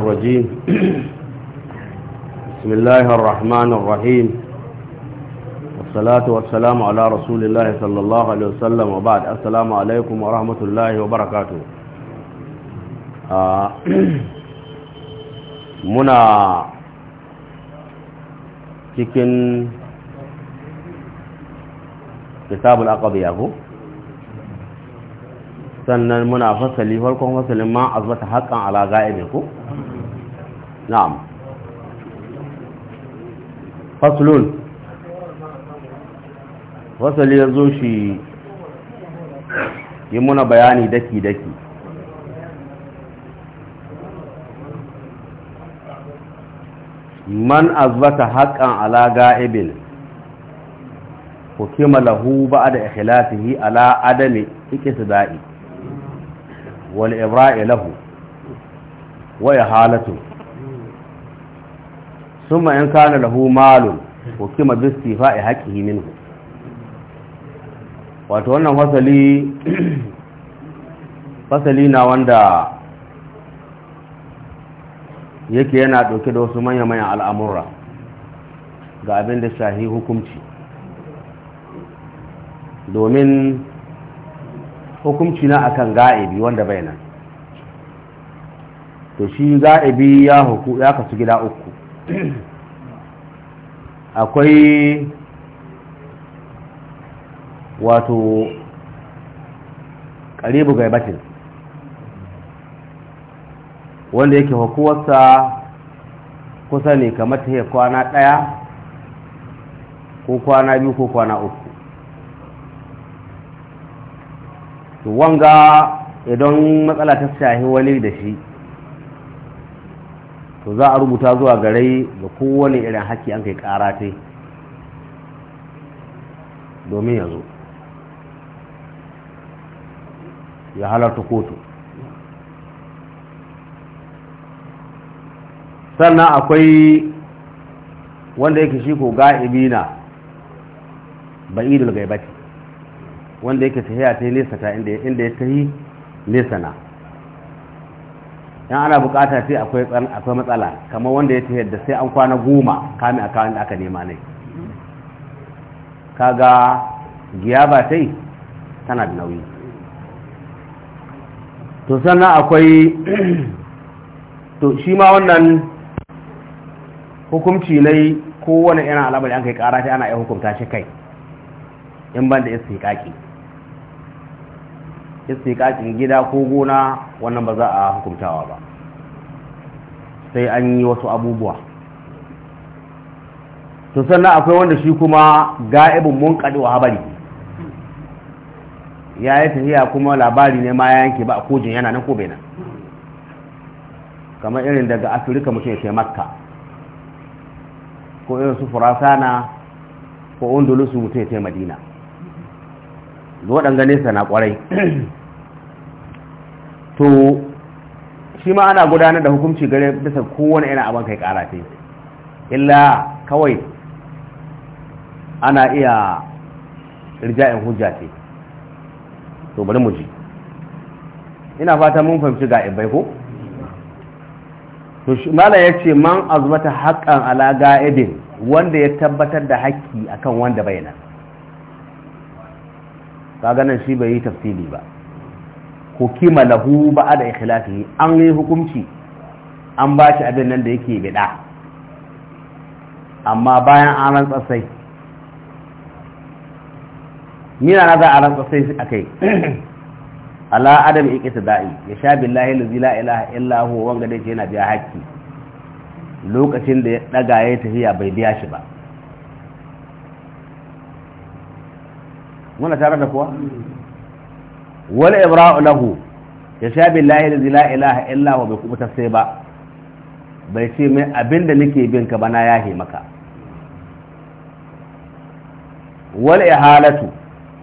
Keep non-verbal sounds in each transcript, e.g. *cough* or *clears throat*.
الرجيم بسم الله الرحمن الرحيم والصلاة والسلام على رسول الله صلى الله عليه وسلم وبعد السلام عليكم ورحمة الله وبركاته آه، منا تكن كتاب aqdiya أبو sannan muna fasali farkon fasalin ma azbata haqqan ala ga'ibin na'am faslun fasali ya zo shi muna bayani daki-daki man azbata haƙƙan ala ga'ibin hukima lahu ba da ikhlasihi ala adami ikisda'i wal ibra'i lahu wa ثم إن كان له مال وكما hukima حقه منه wato wannan fasali *clears throat* fasali na wanda yake yana dauke da wasu manya-manyan al'amurra ga abin da shahi hukumci domin hukumci na akan ga'ibi wanda bai nan to shi ga'ibi ya kasu gida uku *clears throat* akwai wato ƙaribu gaibatin wanda yake hukuwarsa kusa ne kamar ta kwana ɗaya ko kwana biyu ko kwana uku to wanga idan matsala ta shahi wani da shi to za a rubuta zuwa gare ga kowane irin haƙƙi an kai ƙara ta domin ya zo ya halarta kotu sannan akwai wanda yake shi ko ga'ibi na ba'idul gaibati wanda yake tafiya ta nesa ta inda ya yi nesa na yan ana bukata sai akwai akwai matsala kamar wanda ya tafiyar yadda sai an kwana goma kamin akawun da aka nema ne kaga giya ba sai tana da nauyi to sannan akwai *clears throat* to shi ma wannan hukumci ne kowane yana alamar an kai kara ta ana iya hukumta shi kai in ban da kaki istiqaqin gida ko gona wannan ba za a hukuntawa ba sai an yi wasu abubuwa to sannan akwai wanda shi kuma ga'ibin munkadi wa habari ya yi tafiya kuma labari ne ma yanke ba a kojin yana nan ko bai nan kamar irin daga afirka mutum ya ce makka ko irin su furasana ko undulusu mutum ya ce madina waɗanda nesa na kwarai to shi ma ana gudanar da hukunci gare bisa kowane yana abin kai kara ce illa kawai ana iya rija'in hujja ce to bari mu ji ina fata mun fahimci ga ibai ko to shi mala ce man azubata haqqan ala ga'idin wanda ya tabbatar da haƙƙi akan wanda bai nan kaga nan shi bai yi tafsili ba hukima lahu da ikhlasi an yi hukunci an ba shi abin nan da yake bida amma bayan an rantsa sai na za a rantsa sai akai *clears throat* ala adam da'i ya sha billahi la ilaha illa wanga dai yana biya hakki lokacin da ya daga ya tafiya bai biya shi ba muna tare da kuwa wal ibra'u lahu ya sha billahi da la ilaha illa wa bai kubuta sai ba bai ce mai abinda nake bin ka bana yahe maka wal ihalatu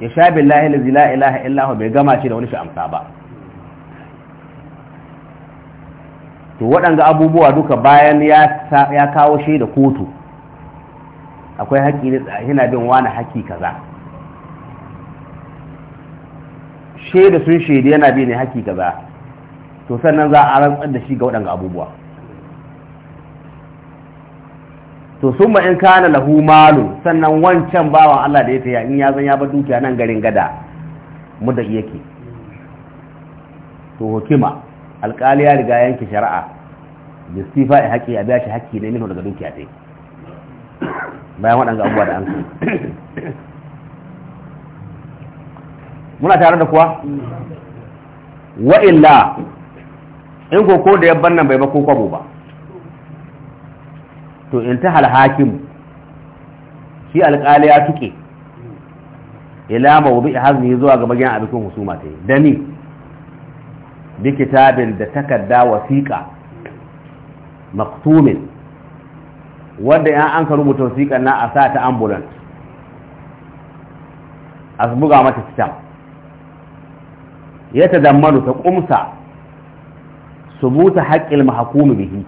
ya sha billahi da la ilaha illa wa bai gama shi da wani sha'amsa ba to waɗanga abubuwa duka bayan ya kawo shi da kotu akwai haƙƙi yana bin wani haƙƙi kaza shaida sun shaida yana bi ne haki kaza to sannan za a rantsar da shi ga waɗanga abubuwa to sun ma in kana lahu malu sannan wancan bawan Allah da ya taya in ya zan ya bar dukiya nan garin gada mu da yake to hukima alƙali ya riga yanke shari'a da sifa ya haƙi a biya shi haƙƙi ne minhu daga dukiya ta bayan waɗanga abubuwa da an kai muna tare da kuwa wa illa in ko da yabban nan bai ba ko kwabo ba to in ta halhakim shi alƙali ya tuke ila mawubi hazmi zuwa ga magiyan abikin husuma ta yi dani bi kitabin da takarda wasiƙa maktumin wanda ya an ka rubuta wasiƙan na a sa ta ambulance a buga mata fitan ya ta zammanu ta kumsa su buta haƙƙin mahakumu bihi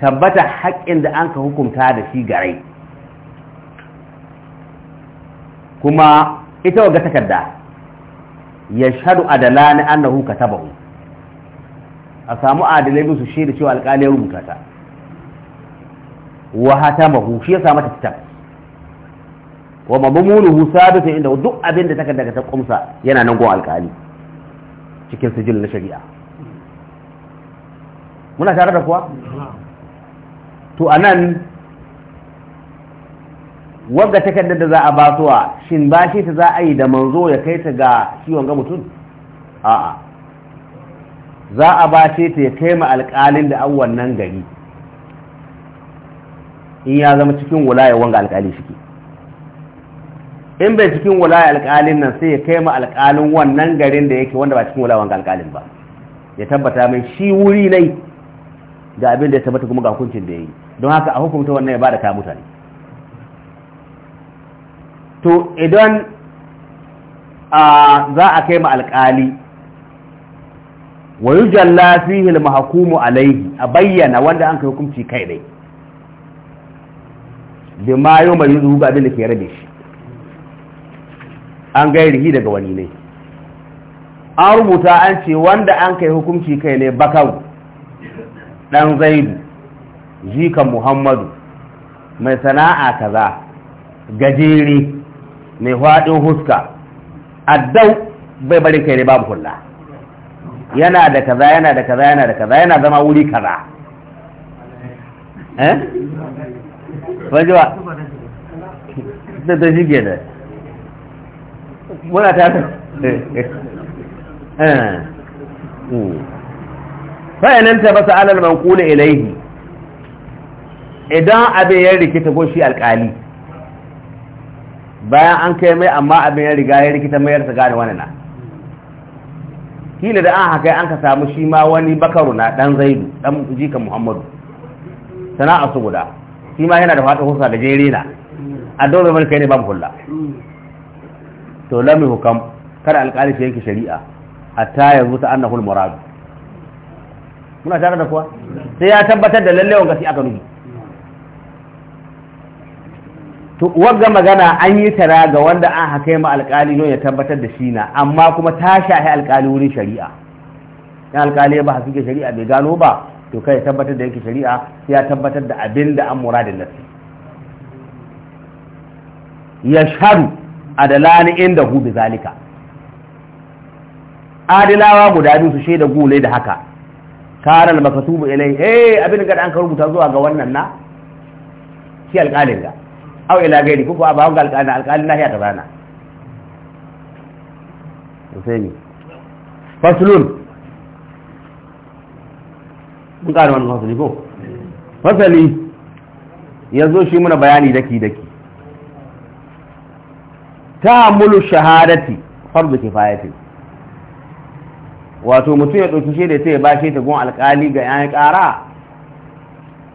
tabbata haƙƙin da an ka hukunta da shi garai kuma ita waga takarda ya shaɗu adala na annahu katabahu a samu adalai musu shi da cewa alƙali ya rubuta ta wa hatamahu shi ya samu ta wa mamumunuhu sabitu inda duk abin da takarda ta kumsa yana nan gon alkali cikin sijil na shari'a muna tare da kuwa to anan wanga takardar da za a basuwa shin ba shi ta za a yi da manzo ya kai ta ga ciwon ga mutum a'a za a ba ce ta ya kai ma alkalin da an wannan gari in ya zama cikin wulaya wanga alƙali ke. in bai cikin wulaya alƙalin nan sai ya kai ma alƙalin wannan garin da yake wanda ba cikin wulawan alƙalin ba ya tabbata mai shi wuri nai ga abin da ya tabbata kuma ga hukuncin da ya yi don haka a hukunta wannan ya ba da ta mutane to idan za a kai ma alƙali wa yi jalla fihil mahakumu alaihi a bayyana wanda an kai hukunci kai ne da ma yau mai yi zuhu ga abin da ke rabe shi an gairihi daga wani ne an rubuta an ce wanda an kai hukunci kai ne bakau dan zaidu jikan muhammadu mai sana'a kaza gajere mai faɗin huska addau bai bari kai ne babu hulla yana da kaza yana da kaza yana da kaza yana zama wuri kaza eh? wajewa da ta shi ke da muna tare fayanin eh. eh. ta basa alal manqulu ilaihi idan abin ya rikita ko shi alkali bayan an kai mai amma abin ya riga ya rikita mai yarsa gane wani na kila da an haka an ka samu shi ma wani bakaru na dan zaidu dan jika muhammadu sana'a su guda shi ma yana da fatan husa da jere na a dole mai kai ne mu kula to lam hukam kada alƙali shi yanke shari'a ta yanzu ta annahu al-murad muna tare da kuwa sai ya tabbatar da lalle wanga sai aka nufi to wagga magana an yi tara ga wanda an haka ma alƙali don ya tabbatar da shi na amma kuma ta shahi alƙali wurin shari'a in alƙali ba hasu ke shari'a bai gano ba to kai ya tabbatar da yake shari'a sai ya tabbatar da abin da an muradin nasi ya sharu adalani inda hu bi zalika adilawa guda biyu su shaida gule da haka karal makatubu ilai eh abin ga an rubuta zuwa ga wannan na shi alƙalin ga aw ila gairi ko ba ga alƙalin alƙalin lahiya ta bana Husaini faslun mun ƙara wannan fasali ko fasali yanzu shi muna bayani daki daki ta'amulu shahadati fardu kifayati wato mutum ya dauki shi da sai ba shi ta gon alƙali ga yan ƙara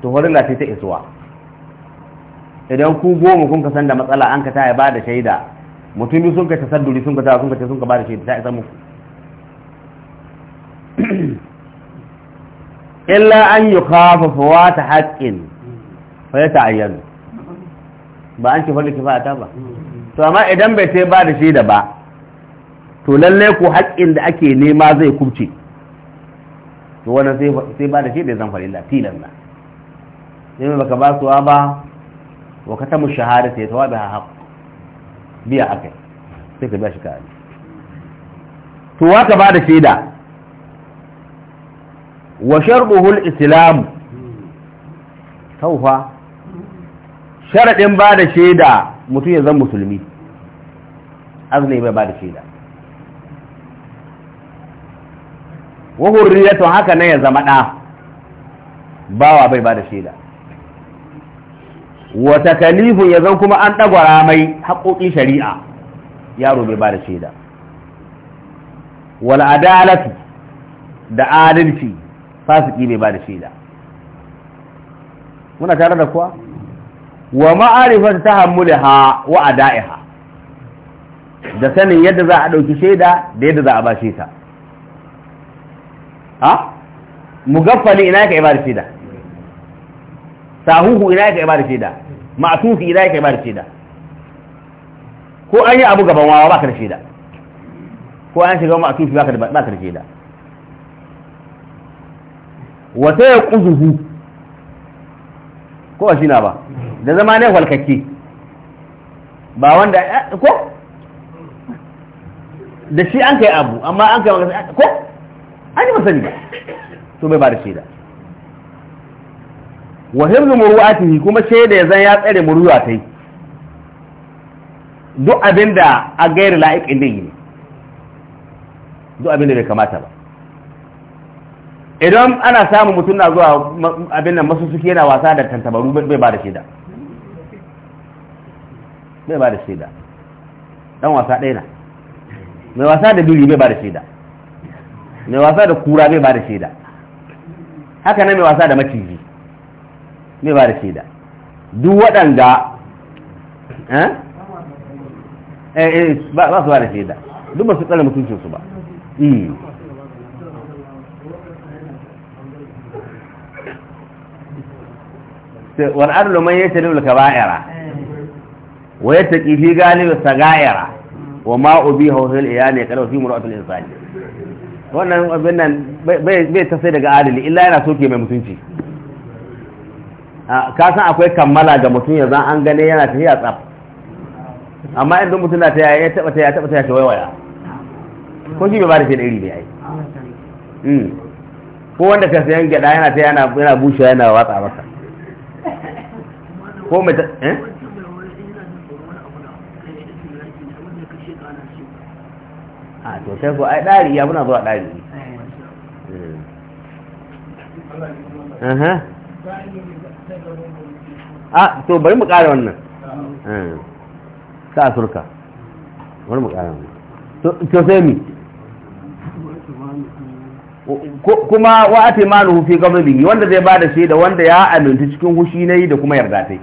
to horilla ce ta isuwa idan ku goma kun ka san da matsala an ka ta ba da shaida mutum sun ka tasadduri sun ka ta sun ka ce sun ka ba da shaida ta isa muku *clears throat* illa an yi kafa fawata haƙƙin fa ya ta'ayyan ba an ce fardu kifayata ba to amma idan bai sai ba da shaida ba to lallai ko haƙƙin da ake nema zai kubce to wannan sai ba da shaida zan farilla tilan na mai baka ba wa ba wa ka tamu shahada sai tawa da haƙƙo biya akai sai ka biya shi kare to wa ka ba da shaida wa sharɗuhul islam taufa sharaɗin ba da shaida mutum ya zan musulmi azumi bai ba da shaida wa hurriyatun haka nan ya zama ɗa bawa bai ba da shaida wa takalifun ya zan kuma an ɗagwara mai haƙoƙin shari'a yaro bai ba da shaida wal adalatu da adalci fasiki bai ba da shaida muna tare da kuwa wa ma'arifar ha wa ha? da sanin yadda za a ɗauki shaida da yadda za a bashe ta ha mugaffali ina ka ibar shaida sahuhu ina ka ibar shaida ma'sufi ina ka ibar shaida ko an yi abu gaban wawa ba ka da shaida ko an shiga ma'sufi ka da baka da shaida ya ƙuzuhu ko shi na ba da zama ne walkaki ba wanda eh, ko da shi an kai abu amma an kai magana eh, ko an yi masani ba to bai ba da shaida wa hibzu muru'atihi kuma shaida ya zan ya tsare muru'a tai duk abin da a gairi la'iƙin din ne duk abin da bai kamata ba idan ana samun mutum na zuwa abin nan masu suke yana wasa da tantabaru bai ba da shaida bai ba da shaida dan wasa ɗaya na mai wasa da biri bai ba da shaida mai wasa da kura bai ba da shaida haka nan mai wasa da maciji bai ba da shaida duk waɗanda eh, eh, eh ba su ba da shaida duk ba su tsara mutuncinsu ba hmm. wani arlo man yace ulka ba'ira ta ƙi fi galibi sagayara wa ma ubiha fil iyani kada fi muratul insani wannan abin nan bai bai ta sai daga adali illa yana soke mai mutunci ka san akwai kammala ga mutum yanzu an gane yana tafiya tsaf amma idan mutum na taya ya taba taya taba taya ta waya ko shi bai ba da da iri ne ai hmm. ko wanda ka sayan gyada yana taya yana bushewa yana watsa masa ko mai eh to sai ko ai ɗari ya muna zuwa ɗari ne eh. a to bari mu ƙara wannan sa eh. surka bari mu ƙara wannan to sai mi kuma wa ate maluhu fi qablihi wanda zai bada shi da wanda ya aminta cikin hushi nayi da kuma yarda tai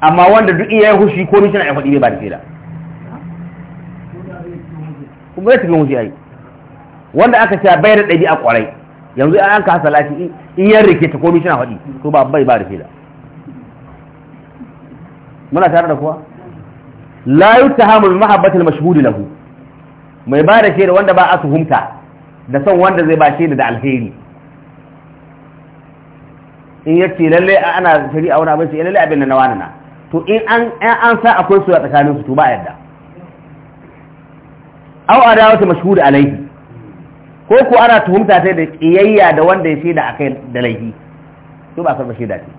amma wanda duk iyayen hushi ko mishin ai faɗi bai bada shi da kuma ya tafi wuce ai wanda aka ce bai da ɗabi'a ƙwarai, yanzu an an kasa lafi in yan rike ta komi shina faɗi to ba bai ba da da muna tare da kuwa la yuttahamu bi mahabbati al-mashhud lahu mai ba da shaida wanda ba a tuhumta da son wanda zai ba shaida da alheri in yace lalle ana shari'a wani abin sai eh, lalle abin da na wani na to in an an sa akwai su a tsakanin su to ba yadda aw adawati mashhur alaihi ko ku ana tuhumta sai da kiyayya da wanda ya shaida akai da laifi to ba karba shaida ce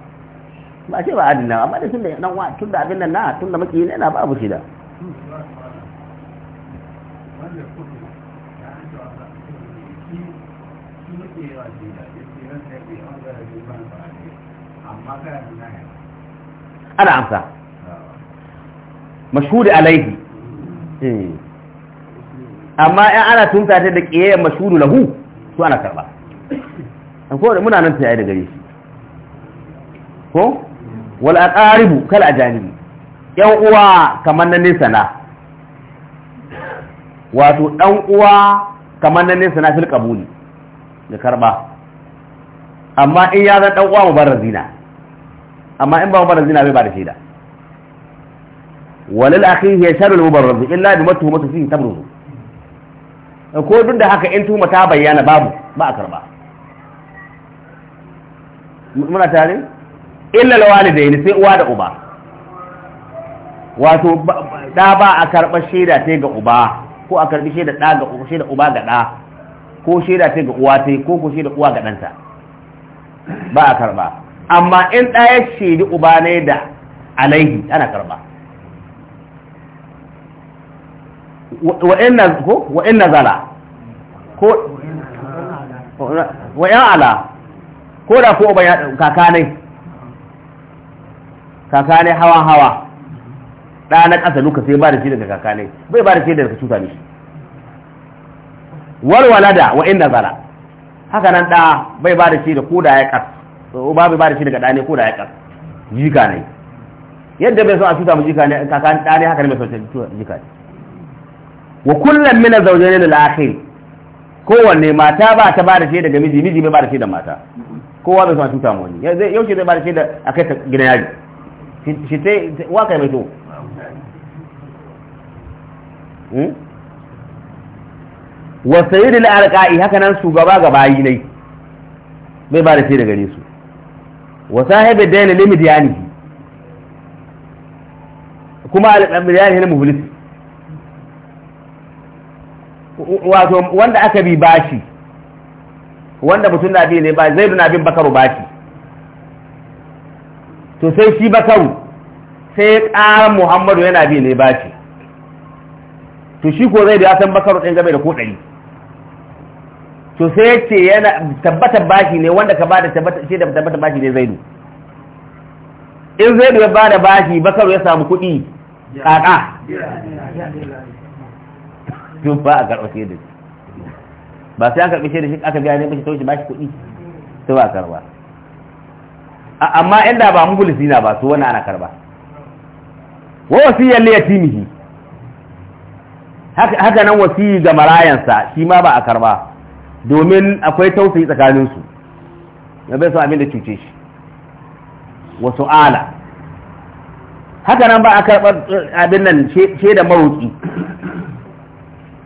ba ce ba adina amma da tunda dan wa tunda abin nan na tunda maki ne na babu shaida ana amsa mashhur alaihi eh. amma in ana tunta ta da ƙiyayen mashuru lahu su ana karɓa an kowane muna nan ta yi da gare shi ko wal aqaribu kal ajanibi yan uwa kamar na nesa na wato dan uwa kamar na nesa na fil qabuli da karba amma in ya zan dan uwa mu bar zina. amma in ba zina bai ba da shaida walil akhi ya sharul mubarraz illa bi matuhumatu fihi tabruzu ko duk da haka in tuma ta bayyana babu ba a karba muna tare illa lawalidaini sai uwa da uba wato da ba a karba shaida ta ga uba ko a karbi shaida da ga uba shaida uba ga da ko shaida ta ga uwa ta ko ko shaida uwa ga danta ba a karba amma in da ya shaidi uba ne da alaihi ana karba wa'in zala ko ala ko da ko bayan kakanai kakanai hawa hawa na ƙasa luka sai ba da shi daga kakanai bai ba da shi daga cuta ne walwala da wa'in zala haka nan da bai ba da shi da da ya ƙas ba bai ba da shi daga ɗane da ya ƙas jika ne yadda bai so a cuta mu jika ne kakanai ɗane haka ne bai so a cuta jika ne wa kullum mina zaune ne akhir kowanne mata ba ta ba da shi daga miji miji bai ba da shi da mata kowa bai son tuta mu wani yau ce zai ba da shi da kai ta gina yaji shi ta wa kai mai to hmm? wa sayyidul arqa'i haka nan su gaba gaba yi ne bai ba da shi da nesu su wa sahibi yana limidiyani kuma al-amriyani ne muflisi wato wanda aka bi bashi wanda mutum na bi ne ba zai na bin bakaru bashi to sai shi bakaru sai ya ƙara muhammadu yana bi ne bashi to shi ko zai da ya san bakaru ɗin game da ko ɗari to sai ya ce yana tabbatar bashi ne wanda ka bada shi da tabbatar bashi ne zai in zai ya bada bashi bakaru ya samu kuɗi ƙaƙa tun ba a karɓa shaidar ba sai an karɓi shaidar shi aka biya ne mashi taushi ba shi kuɗi sai ba a karɓa amma inda ba mubulisi na ba su wani ana karɓa wa wasiyar ne yatimihi haka nan wasi ga marayansa shi ma ba a karɓa domin akwai tausayi tsakaninsu na bai su abin da cuce shi wasu ala haka nan ba a karɓar eh, abin nan shaidar maroƙi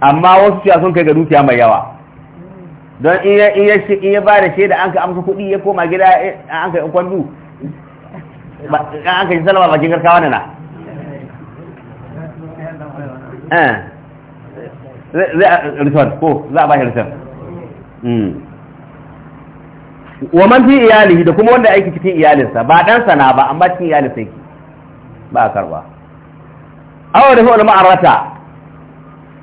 amma wasu siya sun kai ga dukiya mai yawa don in ya ba da shaida an ka amsa kuɗi ya koma gida eh, an ka kwandu an ka yi salama bakin karkawa na eh. eh, na za a ba shi return hmm. wa man fi iyalihi da kuma wanda aiki cikin iyalinsa ba dan sana ba amma cikin iyalinsa yake ba a karba awa da fi wani ma'arata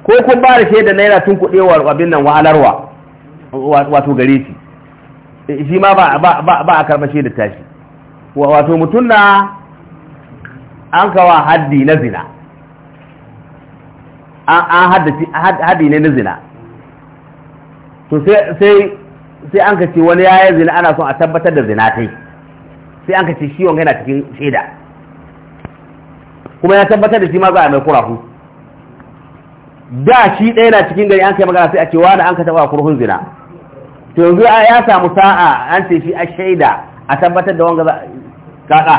ko kun ba da shaida naira tun tun kuɗewar abin nan wahalarwa wato gare shi eh, shi ma ba a karɓar shaidar tashi wato mutum na an kawa haddi na zina an haddi ne na zina to sai an ka ce wani ya yi zina ana son a tabbatar da zina ta sai an ka ce shi wanga yana cikin shaida kuma ya tabbatar da shi ma za a mai kurafu da shi ɗaya na cikin gari an kai magana sai a ce wani an ka taɓa kurhun zina to yanzu ya samu sa'a an ce shi a shaida a tabbatar da wanga za a kaɗa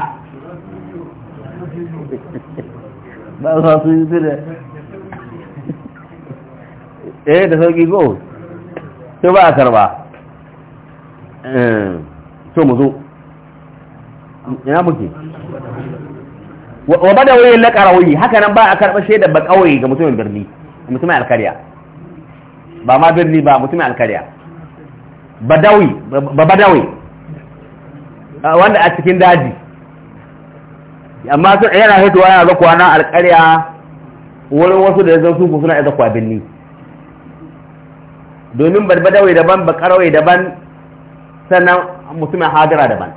*laughs* ba za su yi zira *laughs* eh da sauƙi ko to ba a karba eh, to mu zo ina muke wa bada wuyin na ƙarawuyi haka nan ba a karɓar shaidar ba ƙauye ga mutumin birni mutumin alkarya ba ma birni ba mutumin alkarya badawi ba badawi ah, wanda a cikin daji amma sun yana haituwa yana zakuwa na alkarya wurin wasu da ya zan suku suna zakuwa birni domin ba badawi daban ba karawai daban sannan mutumin hadira daban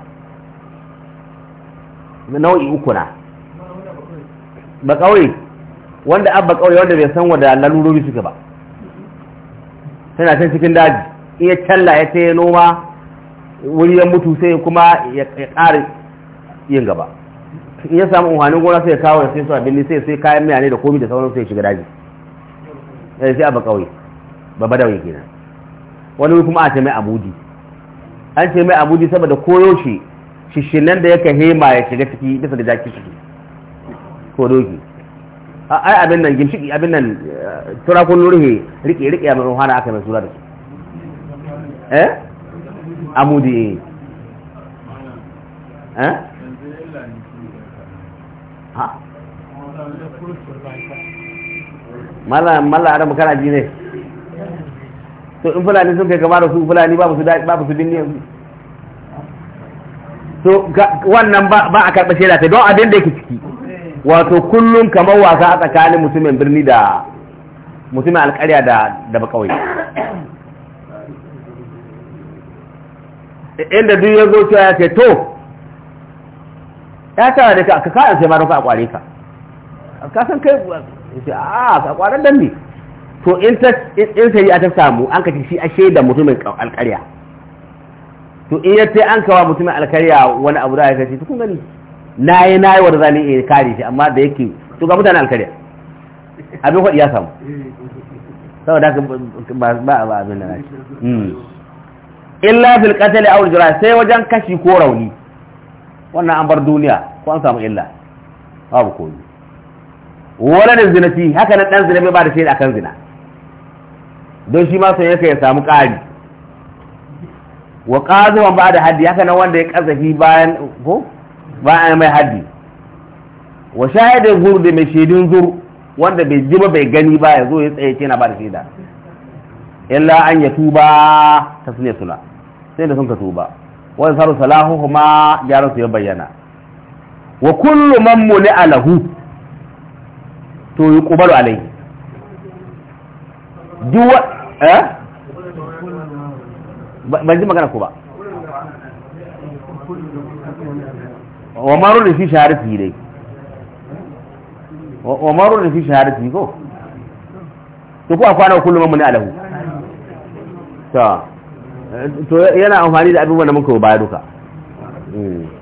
nau'i uku na kawai wanda abba kawai wanda bai san wanda lalurori suka ba tana can cikin daji iya talla ya ta noma wuri ya mutu sai kuma ya ƙara yin gaba ya samu umarnin gona sai ya kawo da sai su abin sai sai kayan miya ne da komi da sauran sai shiga daji sai eh, sai abba kawai babba da wani kenan wani wuri kuma a ce mai Abuji. an ce mai Abuji saboda koyo shi shishinan da yake hema ya shiga ciki bisa da jaki ciki ko doki ai abin nan gimshiki abin nan eh, turakun nurhe rike rike a mai hana aka mai sura da su eh amudi eh. eh ha mala mala arabu ji ne to in fulani sun kai kama da su fulani babu su babu su binne to wannan ba a karba shaida ta don abin da yake ciki wato kullum kamar wasa a tsakanin mutumin birni da mutumin alƙarya da da bakawai inda duk ya zo ya ce to ya tara da ka ka kayan sai ma don a kware ka ka san kai a ka kwaren dan ne to in ta in sai ta samu an ka shi a shaida mutumin alƙarya to in yace an kawa mutumin alƙarya wani abu da ya to kun gani na yi na yi wanda zane iya kare shi amma da yake to ga mutane alkariya abin kwaɗi ya samu saboda ba a abin da na shi hmm. illa fil qatl aw al sai wajen kashi ko rauni wannan an bar duniya ko an samu illa babu ko ni wala da zinati haka nan dan zina bai ba da shaida akan zina don shi ma sai ya samu ƙari wa qaziman ba da haddi haka nan wanda ya kazafi bayan ko ba a mai haddi wa shahidin zur da mai shaidun zur wanda bai ji ba bai gani ba ya zo ya tsaye ce na ba da shaida illa an ya tuba ta sune suna sai da sun ka tuba wani saru salahu kuma gyaran su ya bayyana wa kullu man muli alahu to yi kubaru alai duwa eh ban ji magana ku ba wa maru da fi shahararci dai wa maru da fi shahararci ko to ku a kwana kullum mun alahu to to yana amfani da abubuwan da muka ba duka hmm.